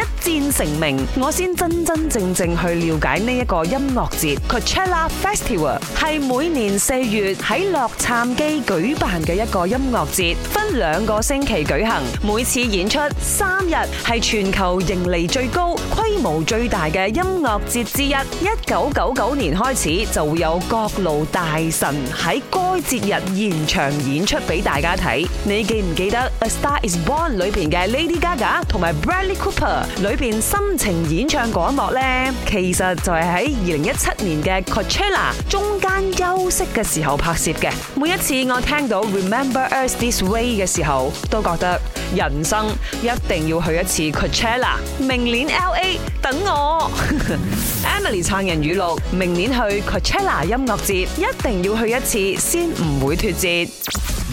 一戰成名，我先真真正正去了解呢一個音樂節 Coachella Festival 係每年四月喺洛杉磯舉辦嘅一個音樂節，分兩個星期舉行，每次演出三日，係全球盈利最高。規模最大嘅音樂節之一，一九九九年開始就會有各路大神喺該節日現場演出俾大家睇。你記唔記得《A Star Is Born》裏邊嘅 Lady Gaga 同埋 Bradley Cooper 裏邊深情演唱嗰一幕呢？其實就係喺二零一七年嘅 Coachella 中間。休息嘅時候拍攝嘅，每一次我聽到 Remember Us This Way 嘅時候，都覺得人生一定要去一次 Coachella，明年 L A 等我。 Emily 撐人語錄，明年去 Coachella 音樂節一定要去一次，先唔會脫節。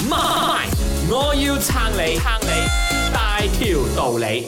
媽咪，我要撐你，撐你大條道理。